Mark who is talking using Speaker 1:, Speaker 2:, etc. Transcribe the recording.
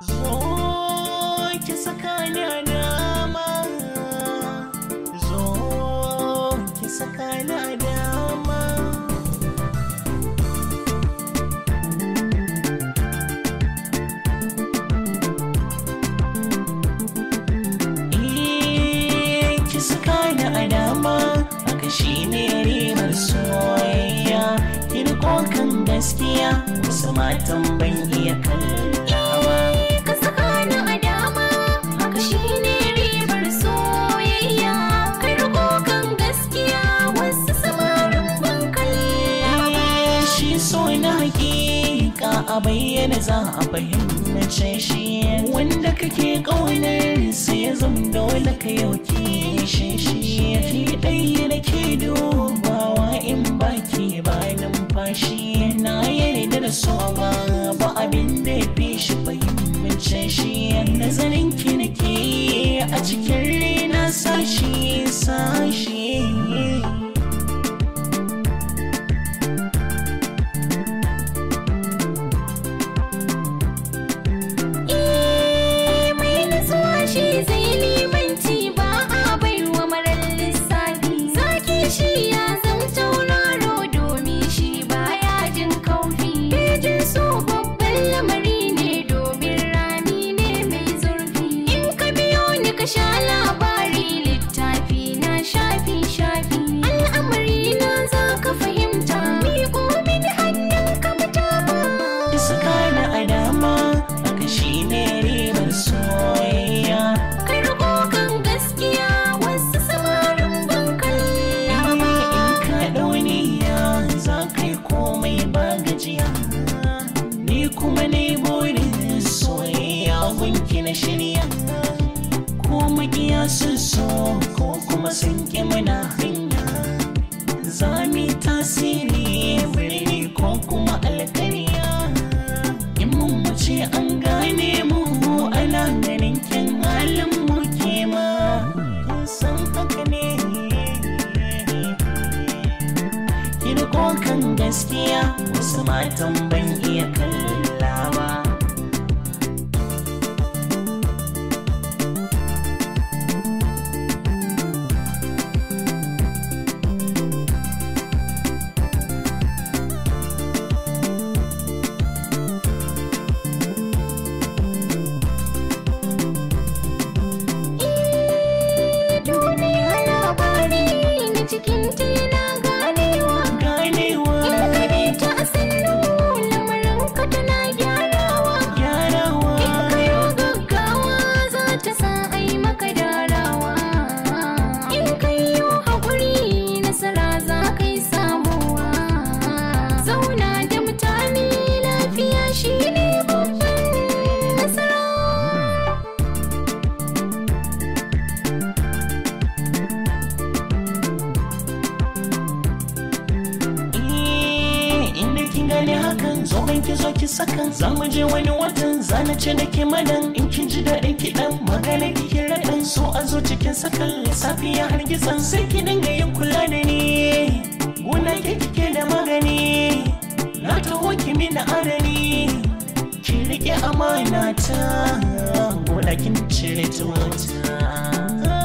Speaker 1: Zo ki saka ni a dama Zo ki saka ni a dama Ki saka ni a dama Haka shi ne ribar soyayya Ki rikon gaskiya Wasu matan ban iya a bayyana za a fahimce shi wanda kake ƙaunar sai ya zama dole ka yauki shi shi ɗaya nake dubawa in baki ba numfashi na yarda da soma ba abin da ya fi shi fahimce shi nazarin ki nake a cikin rina sashi sashi suka da dama aka shi ne ribar soyayya kai riko kan gaskiya wasu samarin bankan ya ma in ka dauniya za kai komai ba gajiya ni kuma ne burin soyayya gunki na shirya ko makiya sun so ko kuma sun ƙi muna hanya za mu tasiri gaskiya wasu matan ban iya kai kin gane hakan zo kizo ki zo ki sakan za je wani watan zana ce da madan in kin ji daɗin ki dan magana ki ki raɗan so a zo cikin sakan lissafi har hargitsan sai ki dinga yin kula da ni gona ke kike da magani na taho ki mina adani ki rike amana ta gona kin cire tuwata